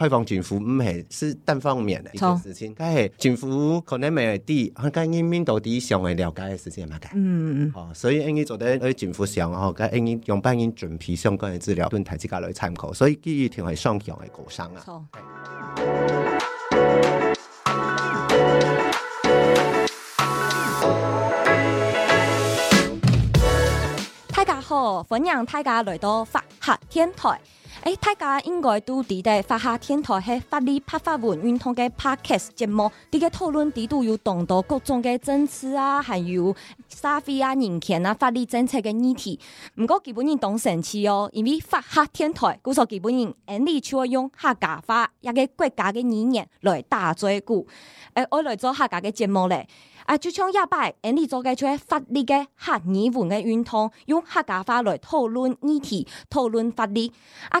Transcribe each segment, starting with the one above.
開放政府唔係是，是單方面嘅錯事情，佢係政府可能咪啲，佢家英邊到底想係了解嘅事情係乜嗯嗯嗯。哦，所以英佢做得喺政府上哦，佢英用翻啲準備相關嘅資料，俾人提起家嚟參考，所以呢條係雙向嘅溝通啊。錯。大家好，歡迎大家嚟到法客電台。誒，大、欸、家應該都知得法客電台係法律白話文運動嘅 podcast 節目，啲嘅討論，啲度有講到各種嘅爭持啊，還有沙菲啊、人權啊、法律政策嘅議題。唔過，基本要懂成詞哦，因為法客電台，故、就、作、是、基本人用英語採用客家話，一個國家嘅語言嚟打嘴鼓，誒，我來做客家嘅節目咧。啊，就像一排，我哋做嘅就係法律嘅客語文嘅運動，用客家話來討論議題，討論法律啊。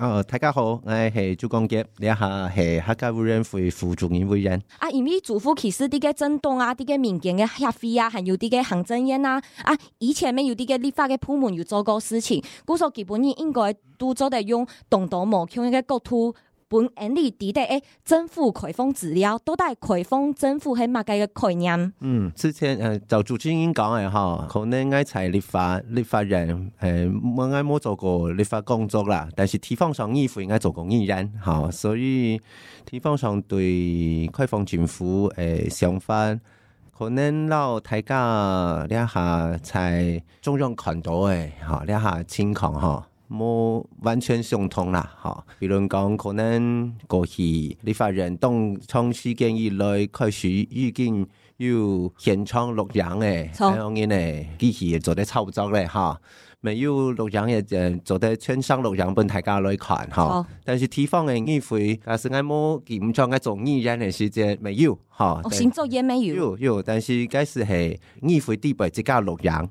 啊、哦，大家好，我是周江杰，這下係客家委員會副主任委員。啊，因為祖父其實這個震動啊，這個民間的黑飛啊，還有這個行政院啦、啊，啊，以前呢，有這個立法的部門有做過事情，故所基本上應該都做得用，懂得冇？佢嘅國土。本案例指的誒政府開放資料，都帶開放政府係麼個概念。嗯，之前誒就、呃、主持人講嘅嚇，可能我係立法立法人，誒冇冇做過立法工作啦，但是地方上依副應該做過議員嚇，所以地方上對開放政府誒想法，可能老大家呢下，睇中央看到誒嚇，呢下情況嚇。冇完全相同啦，哈、哦！比如講，可能過去立法院當長時間以來開始已經有現場錄像嘅，咁樣嘅機器做得差不多咧，哈！沒有錄像嘅，做得全場錄像俾大家來看，哈！錯但是地方嘅議會，但是我唔做，我做呢樣嘅事情，沒有，哈！我、哦、但有，有有，但是嗰時係議會啲輩自家錄像。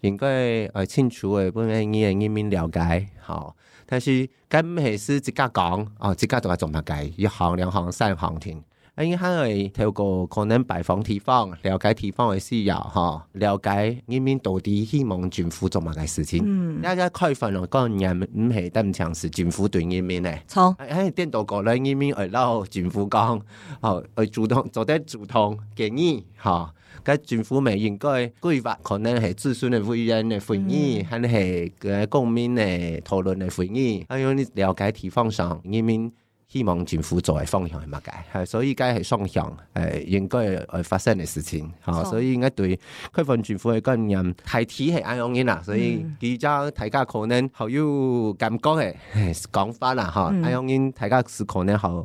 應該誒清楚嘅，本嚟啲人啱啱了解嚇，但是咁唔會是自家講哦，自家都係做乜個，一行兩行三行田，應該係透過可能拜訪地方，了解地方嘅需要嚇，了解啱啱到底希望政府做乜個事情。嗯，一啲區分咯，當然唔係咁長時政府對啲面咧。錯超，係顛倒過來咧？啱啱會撈政府講哦，會主動做啲主動建議嚇。佢政府咪應該規劃，可能係諮詢嘅會員嘅會議，係係誒公眾嘅討論嘅會議。哎呦，你了解地方上，你咪希望政府作為方向係乜嘢？係、哦，所以，佢係雙向，應該該發生嘅事情。嚇，所以應該對開放政府嘅觀念係提係啱樣嘅啦。所以，而家大家可能好有感覺嘅講法啦。嚇，啱大家是可能好。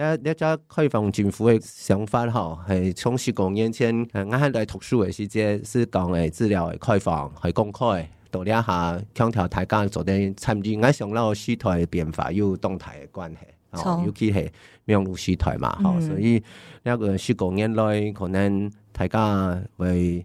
這這隻開放政府的想法，嗬，係從十五年前，啱啱嚟讀書嘅時節，是講係資料係開放，係公開到，到這下強調，大家做陣參與，加上撈時代變化，又有動態嘅關係，超尤其係網路時代嘛，嗯、所以一個十五年內可能大家會。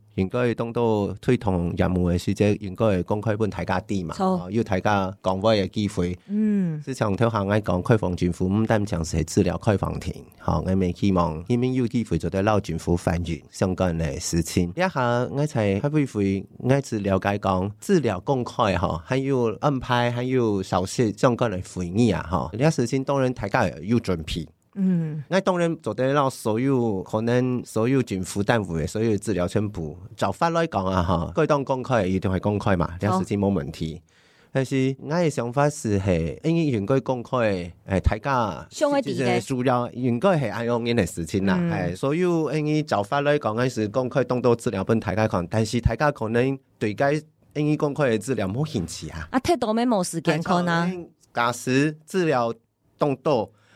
應該當到推動任務嘅時間，應該公開分大家啲嘛，要大家講開嘅機會。嗯，市場聽下我講開放政府唔單隻係治療開放庭，嚇我咪希望佢哋有機會做得摎政府反映相關嘅事情。一下我喺開會，我了解講治療公開嚇，還有安排，還有少少相關嘅會議啊嚇。呢事情當然大家有,有準備。嗯，我當然做啲攞所有可能所有政府單位嘅所有資料全部照法律講啊，吓，可以當公開，一定會公開嘛，呢個事情冇問題。但是我嘅想法是係應該公開，誒、哎、大家即係需要，應該是恁樣嘅事情啦、啊，係、嗯、所有應該照法律講，開是公開動作資料俾大家看，但是大家可能對該應該公開嘅資料冇興趣啊。啊，太多咩冇時間可能，假使、啊、資料動作。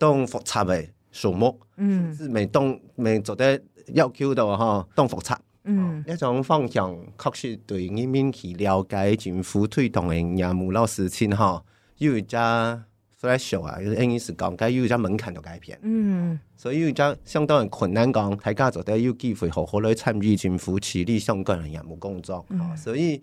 當複雜的數目，嗯，是係當未做得要求度哈，當複雜，嗯，一種方向確實對呢邊去了解政府推動的業務老事情哈，有一家 fresh 啊，等於係講解有一家門檻都改變，嗯，所以有一家相當困難講，大家做得有機會好好來參與政府處理相關嘅業務工作，嗯、所以。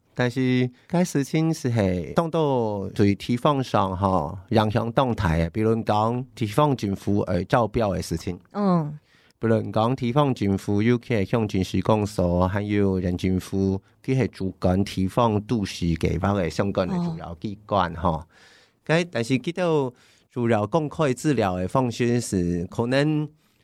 但是，該事情是係當到對地方上嚇影響當大啊！比如講地方政府誒招標嘅事情，嗯，比如講地方政府，尤其係鄉鎮市公所，還有人民政府，佢係主管地方都市計畫嘅相關嘅主要機關嚇。該、哦哦、但是佢都主要公開資料嘅方式是可能。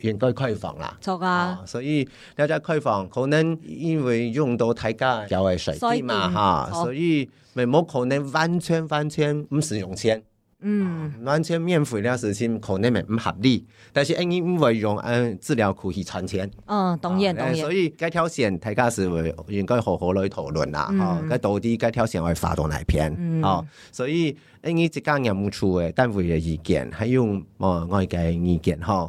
應該開放啦，所以有咗開放，可能因為用到大家較為隨機嘛，吓，所以咪冇哈錯可能完全完全唔使用錢，嗯、呃，完全免費嘅事情，可能咪唔合理，但是因為用誒、呃、治療可以賺錢，嗯，當然，當然、啊，業所以該條線大家是會應該好好來討論啦，嗯哦、該到底該條線會劃到係邊，嗯、哦，所以你即家人唔錯誒單位嘅意見，係用外界嘅意見，嗬。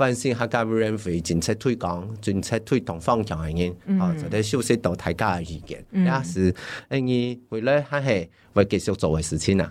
關心客家委員會政策推廣、政策推動方向嘅嘢，mm. 啊，就啲收集到大家的意見，也、mm. 是來，所以會咧係為繼續做嘅事情啊。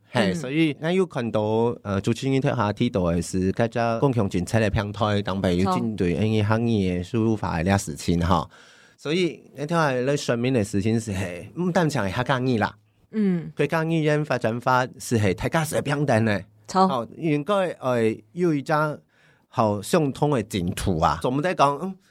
係， 所以我有看到，誒主持人提到的是，加咗公共政策嘅平台，等佢要針對呢啲行業輸入法啲事情嚇。嗯、所以你睇下你上面嘅事情是係唔單止係客家語啦，嗯，國家語言發展法是係大家平等嘅，差、嗯嗯、應該誒，有一張好相通嘅淨土啊。總唔得講。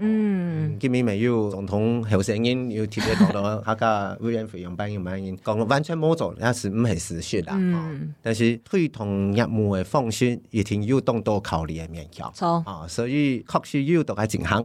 嗯， 今年沒有總統候選人，要特別多嗰度，客家委員會用擺入埋入， 完全冇做，也是唔係事實啦。嗯嗯。但是推動、 嗯、業務的方向，一定有當多考慮的面嘅。啊錯、哦，所以確實有讀下進行。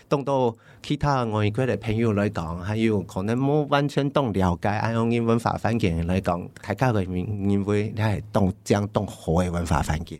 當到其他外國的朋友來講，還有可能冇完全懂了解安康嘅文化環境來講，大家會認為你係當將當好嘅文化環境。